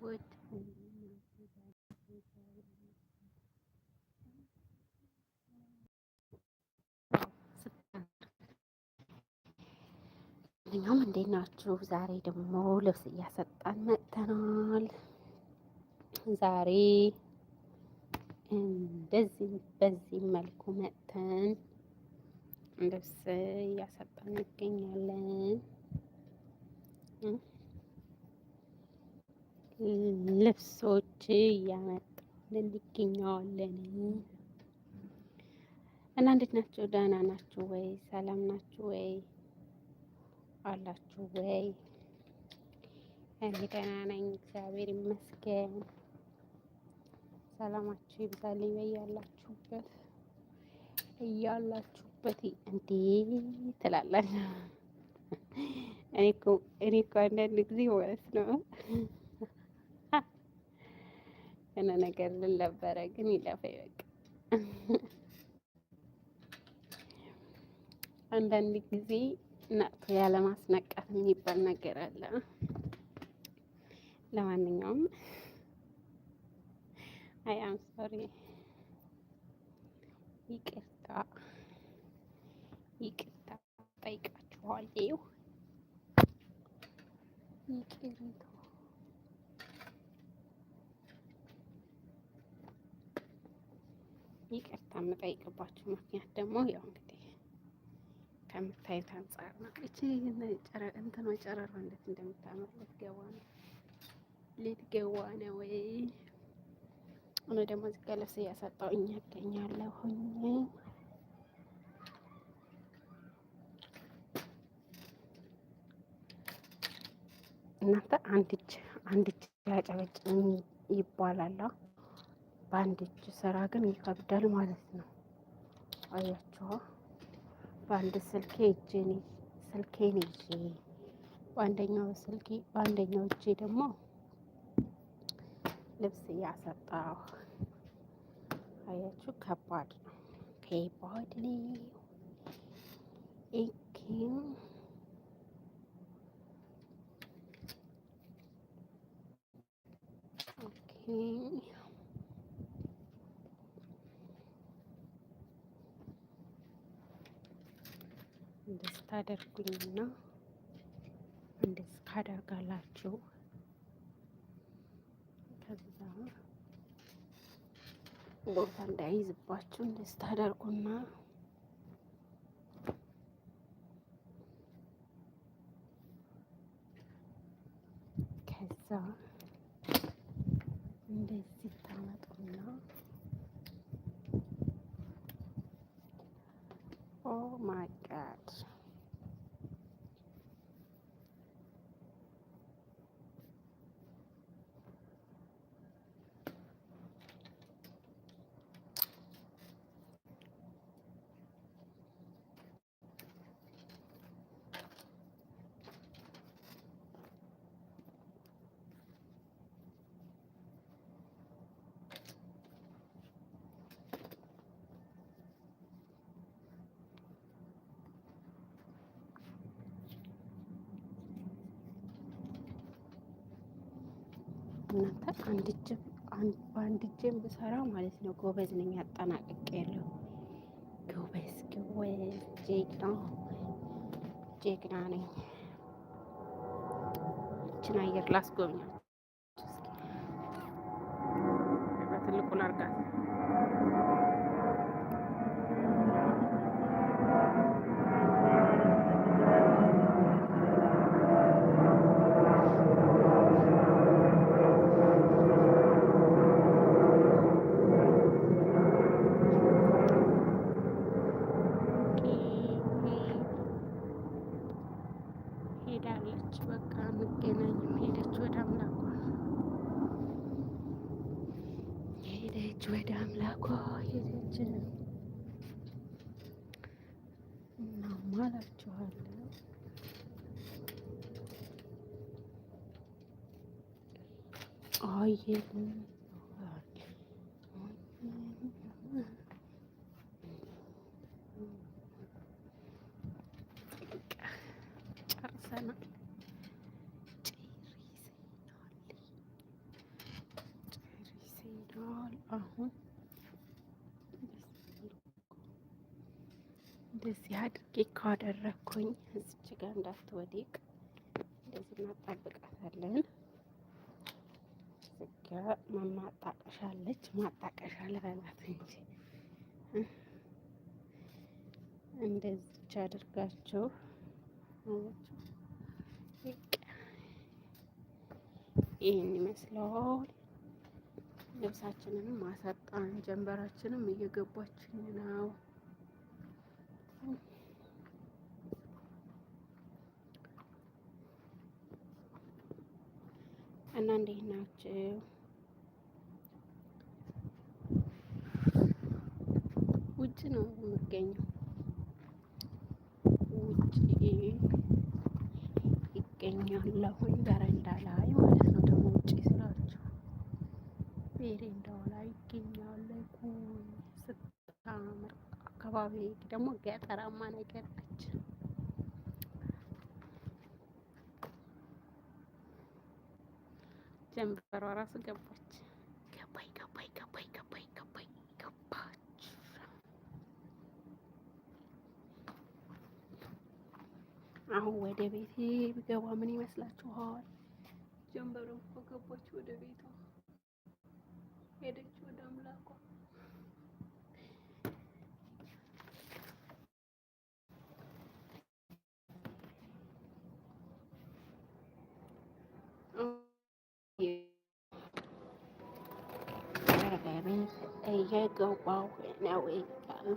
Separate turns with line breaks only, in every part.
ሰዎች እኛም እንዴት ናችሁ? ዛሬ ደግሞ ልብስ እያሰጣን መጥተናል። ዛሬ እንደዚህ በዚህ መልኩ መጥተን ልብስ እያሰጣን እንገኛለን። ልብሶች እያመጣን እንገኛለን። እና እንዴት ናችሁ? ደህና ናችሁ ወይ? ሰላም ናችሁ ወይ? አላችሁ ወይ? እኔ ደህና ነኝ፣ እግዚአብሔር ይመስገን። ሰላማችሁ ይብዛልኝ በያላችሁበት እያላችሁበት እንዴ ትላላችሁ። እኔ እኮ አንዳንድ ጊዜ ማለት ነው የሆነ ነገር ልን ነበረ ግን ይለፈ በቃ። አንዳንድ ጊዜ ነቅቶ ያለማስነቃት የሚባል ነገር አለ። ለማንኛውም አይ አም ሶሪ፣ ይቅርታ ይቅርታ ጠይቃችኋለሁ። ይቅርታ ይቅርታ የምጠይቅባችሁ ምክንያት ደግሞ ያው እንግዲህ ከምታዩት አንጻር ነው። እቺ እንትኖ ጨረሯ እንዴት እንደምታምር ልትገባ ነው ልትገባ ነው ወይ? እኔ ደግሞ እዚህ ጋ ልብስ እኛገኛለሁ እገኛለሁኝ። እናንተ አንድ እጅ አንድ እጅ ያጨበጭ ይባላል። በአንድ እጅ ስራ ግን ይከብዳል ማለት ነው። አያችሁ፣ በአንድ ስልኬ እጄን ስልኬን ይዤ በአንደኛው ስልኬ በአንደኛው እጄ ደግሞ ልብስ እያሰጣሁ አያችሁ፣ ከባድ ነው። ከባድ ነው። ኢኪ ኦኬ እንደዚህ ታደርጉኝና እንደዚህ ካደርጋላችሁ ከዛ ቦታ እንዳይዝባችሁ እንደዚህ ታደርጉና ከዛ እናንተ አንድ እጅ በአንድ እጄም ብሰራ ማለት ነው ጎበዝ ነኝ፣ አጠናቅቄ ያለው ጎበዝ ጎበዝ፣ ጀግና ጀግና ነኝ። አየር ላስጎብኛት በትልቁ ላርጋት ጨርሰናል። ጨርሰናል። አሁን እንደዚህ አድርጌ ካደረግኩኝ እዚች ጋር እንዳትወድቅ እንደዚህ እናጣብቃታለን። ማድረጊያ ማጣቀሻ አለች። ማጣቀሻ ልበላት እንጂ እንደዚች አድርጋችሁ ይህን ይመስለዋል። ልብሳችንንም አሳጣን። ጀንበራችንም እየገባችን ነው። እና እንዴት ውጭ ነው የሚገኘው! ውጭ ይገኛለሁኝ በረንዳ ላይ ማለት ነው። ደግሞ ውጭ ስላችሁ በረንዳው ላይ ይገኛለሁ። ስታምር አካባቢ ደግሞ ገጠራማ ነገር ነች። ጀንበሯ ራሱ ገባ Aho wa de vi thi, vi ga wa mani mas la tu ha. Jam baro ko ko po chu de vi to. E de chu dam la ko. Oh. Yeah. Hey, here go, wow, now we go.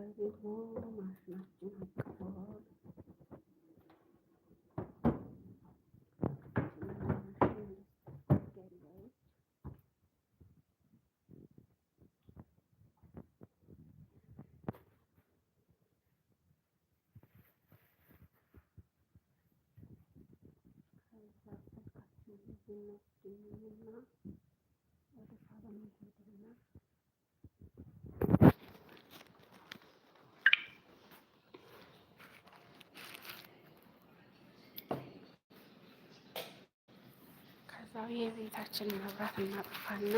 ቡና ቡና ወደ ሳሎን ይሄድና እዛው የቤታችን መብራት እናጥፋና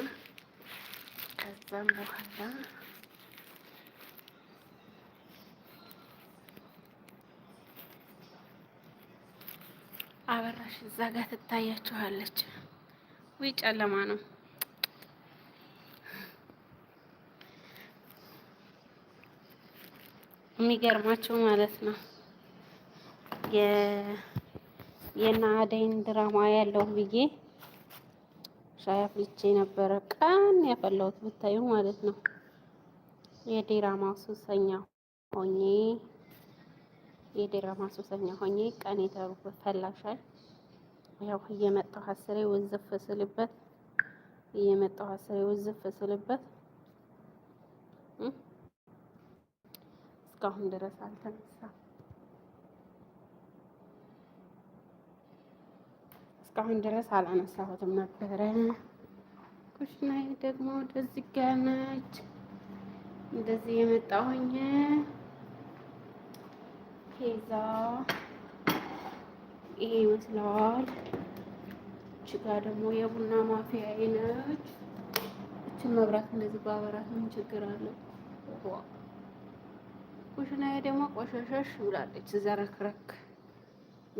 ከዛም በኋላ አበራሽ እዛ ጋር ትታያችኋለች። ውይ ጨለማ ነው። የሚገርማቸው ማለት ነው የእነ አደይን ድራማ ያለው ብዬ ሻይ አፍልቼ ነበረ። ቀን ያፈላሁት ብታዩ ማለት ነው። የዲራማ ሱሰኛ ሆኜ የዲራማ ሱሰኛ ሆኜ ቀን የተሩ ፈላሻይ ያው እየመጣሁ አስሬ ውዝፍ ስልበት እየመጣሁ አስሬ ውዝፍ ስልበት እስካሁን ድረስ አልተነሳም። እስካሁን ድረስ አላነሳሁትም ነበረ። ኩሽና ደግሞ እንደዚህ ጋር ነች። እንደዚህ የመጣሁኝ ከዛ ይሄ ይመስለዋል። እችጋ ደግሞ የቡና ማፍያ ነች። እችን መብራት እንደዚህ ባበራት ምን ችግር አለው? ኩሽናዬ ደግሞ ቆሸሸሽ ብላለች። ዘረክረክ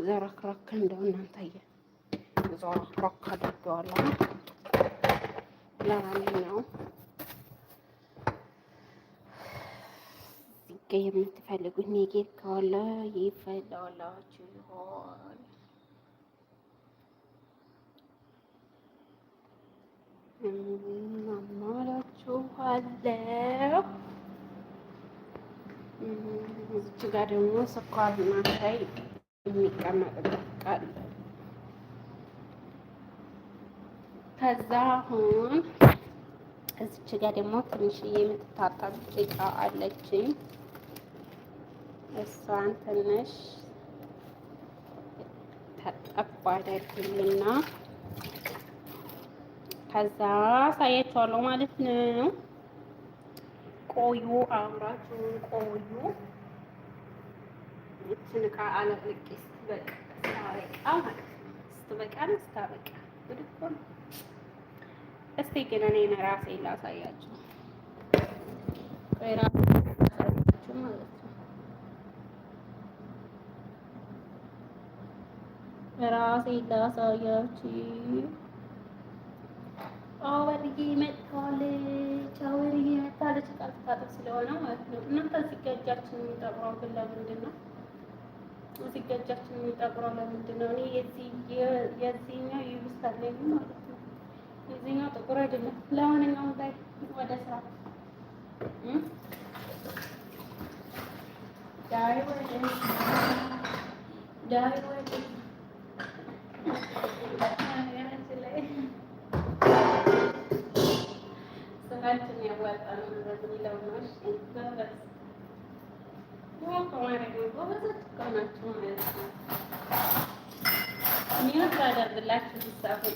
ዘረክረክ እንደው እናንተ እዛው ሮክ አድርገዋለሁ። ለማንኛውም እዚጋ የምትፈልጉት ኔጌት ከሆነ ይፈላላችሁ ይሆን እናማላችኋለሁ። እዚች ጋር ደግሞ ስኳርና ሻይ የሚቀመጥበት ቃል ከዛ አሁን እዚች ጋር ደግሞ ትንሽ የምትታጠብ እቃ አለችኝ። እሷን ትንሽ ተጠብ አደርግልና ከዛ ሳያችኋለሁ ማለት ነው። ቆዩ አብራችሁን ቆዩ። ይችን እቃ አለቅቄ ስትበቃ ስታበቃ ማለት ነው። ስትበቃ ነው ስታበቃ እስቲ ግን እኔ ራሴ ላሳያችሁ ራሳችሁ ማለት ነው። ራሴ ላሳያችሁ። አወርዬ መጥታለች፣ አወርዬ መጥታለች። ቃጥቃጥ ስለሆነ ማለት ነው። እናንተ ሲገጃችን የሚጠቁረው ግን ለምንድን ነው? ሲገጃችን የሚጠቁረው ለምንድን ነው? እኔ የዚህኛው ይብሳል ማለት ነው የዚህኛው ጥቁር አይደለም። ለማንኛውም ላይ ወደ ስራ ዳሪ ወደ ዳሪ ወደ ስራችን ያዋጣ ነው የሚለው ነው። እሺ በበስ ሚወት አደርግላችሁ ሳሁን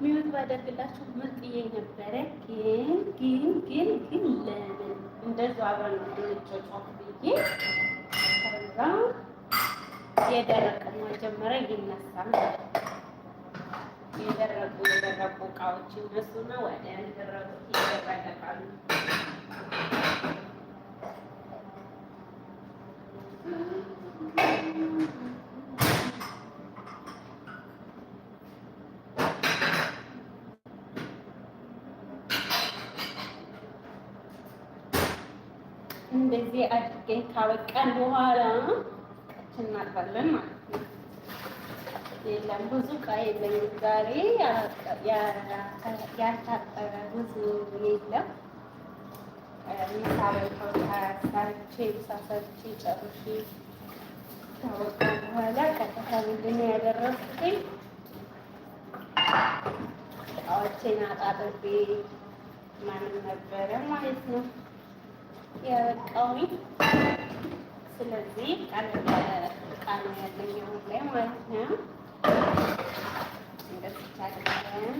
ሚዩት ባደርግላችሁ ምርጥዬ ነበረ። ግን ግን ግን ግን ለምን እንደዚያ አብረን እንድንጫጫት ብዬ ከዛ የደረቀ መጀመሪያ ይነሳል ማለት የደረቁ የደረቁ እቃዎች ይነሱና ወደ ደረቁ ይደረቃሉ። እንደዚህ አድርገን ካበቃን በኋላ እናጥባለን ማለት ነው። የለም ብዙ ዕቃ የለኝም ዛሬ ያልታጠበ ብዙ የለም። ምሳ በልተው ጨርሼ ካበቃን በኋላ ቀጥታ ምንድን ነው እቃዎቼን አጣጥቤ ማንም ነበረ ማለት ነው። የበቃውን ስለዚህ ቃል ያለኝ ላይ ማለት ነው። እንደስቻለን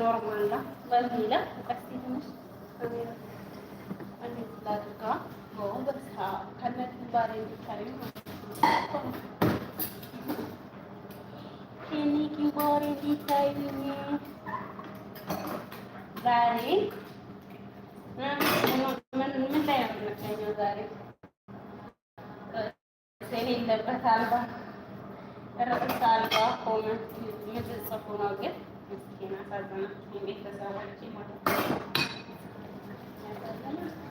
ኖርማል ነው በሚለ ቀስቲ ትንሽ እንዴት ላድርጋ በሳ ከነት ባሬ እንዲቻለኝ ማለት ነው። ዛሬ ምን ላይ ነው የምትገኘው? ዛሬ የሌለበት አልባ ርዕስ አልባ ሆነ የምትጽፉ ነው። ግን ምስኪን አሳዘናችሁ ቤተሰቦቼ ማለት ነው። ያሳዘናችሁ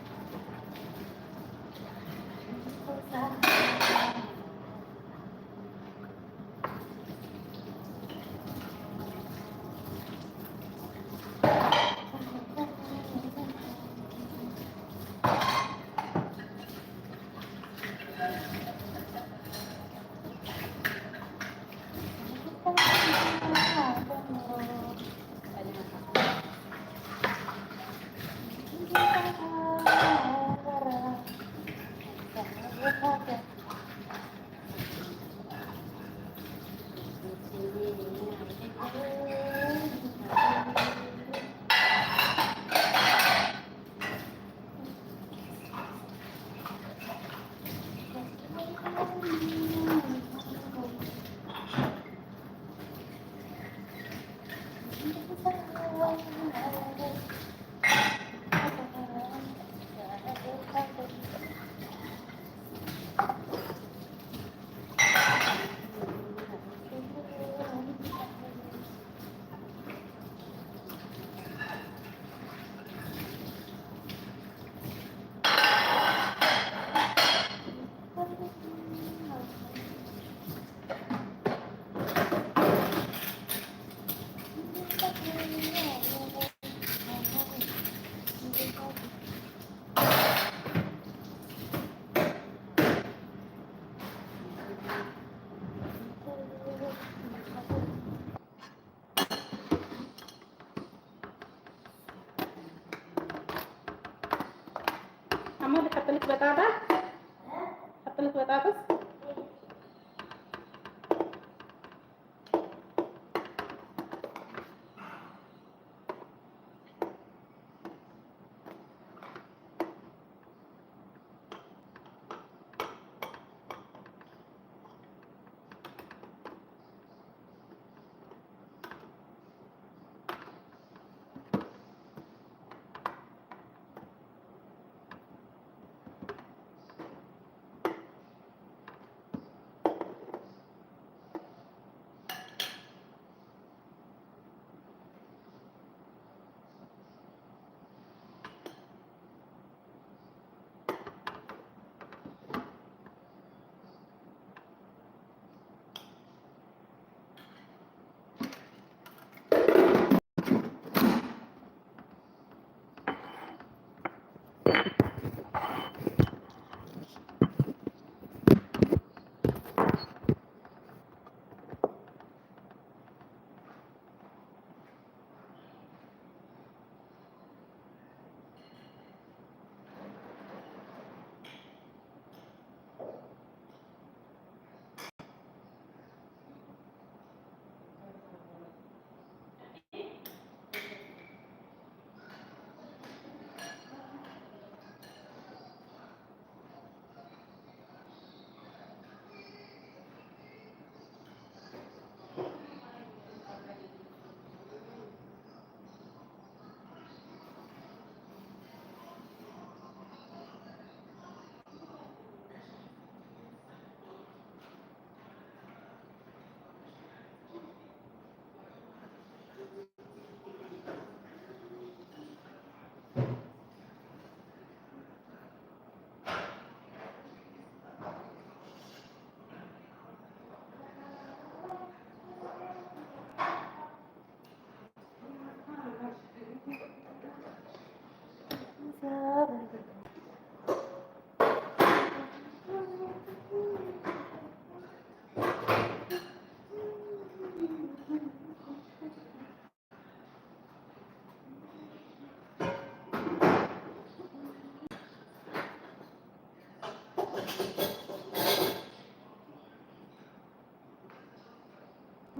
ደግሞ ልቀጥልክ በጣጣ ቀጥልክ በጣጥስ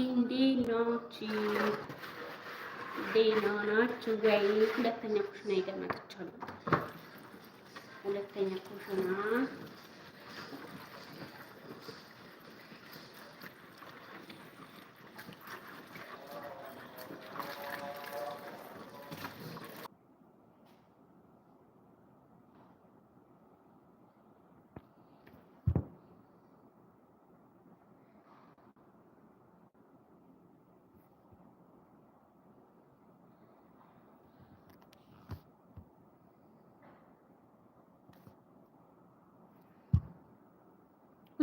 እንዴት ናችሁ? ደህና ናችሁ ጋይ? ሁለተኛ ኩሽና ይገናኛችኋል። ሁለተኛ ኩሽና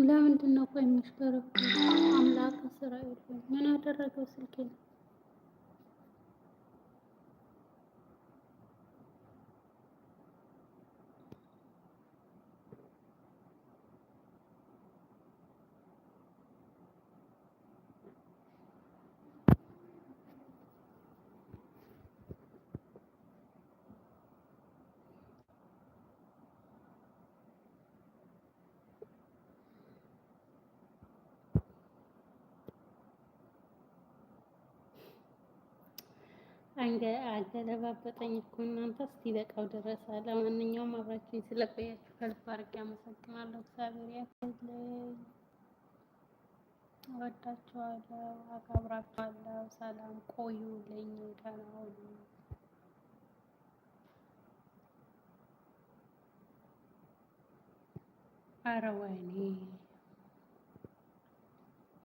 ለምንድን ነው እኮ የሚሽከረከረው? አምላክ እስራኤል የለም። ምን አደረገው ስልኬ ነው? አንገ አገለባበጠኝ እኮ እናንተ እስኪበቃው ድረስ። ለማንኛውም አብራችሁኝ ስለቆያችሁ ከልብ አድርጌ አመሰግናለሁ። እግዚአብሔር ያክልልኝ። እወዳችኋለሁ፣ አከብራችኋለሁ። ሰላም ቆዩ ለኝ ሁኑ። ኧረ ወይኔ